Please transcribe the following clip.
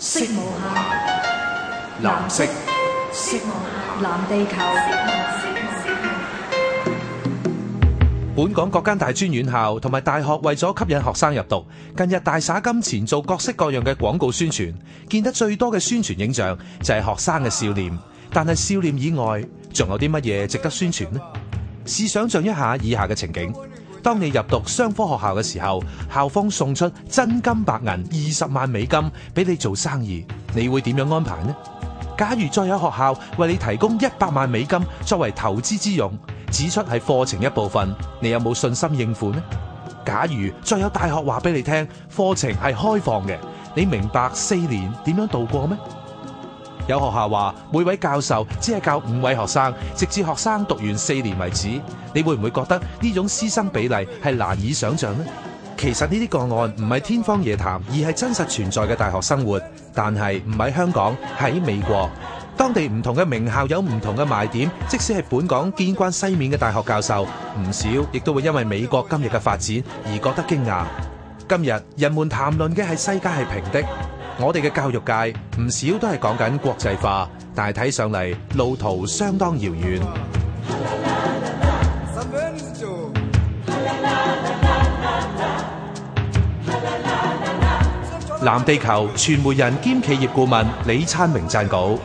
色無限，藍色，色無限，藍地球。本港各間大專院校同埋大學為咗吸引學生入讀，近日大灑金錢做各式各樣嘅廣告宣傳。見得最多嘅宣傳影像就係學生嘅笑臉，但係笑臉以外，仲有啲乜嘢值得宣傳呢？試想象一下以下嘅情景。當你入讀商科學校嘅時候，校方送出真金白銀二十萬美金俾你做生意，你會點樣安排呢？假如再有學校為你提供一百萬美金作為投資之用，指出係課程一部分，你有冇信心應付呢？假如再有大學話俾你聽，課程係開放嘅，你明白四年點樣度過咩？有學校話每位教授只係教五位學生，直至學生讀完四年為止。你會唔會覺得呢種師生比例係難以想象呢？其實呢啲個案唔係天方夜譚，而係真實存在嘅大學生活。但係唔喺香港，喺美國，當地唔同嘅名校有唔同嘅賣點。即使係本港見關西面嘅大學教授，唔少亦都會因為美國今日嘅發展而覺得驚訝。今日人們談論嘅係世界係平的。我哋嘅教育界唔少都係講緊國際化，但係睇上嚟路途相當遙遠。藍地球傳媒人兼企業顧問李燦榮撰稿。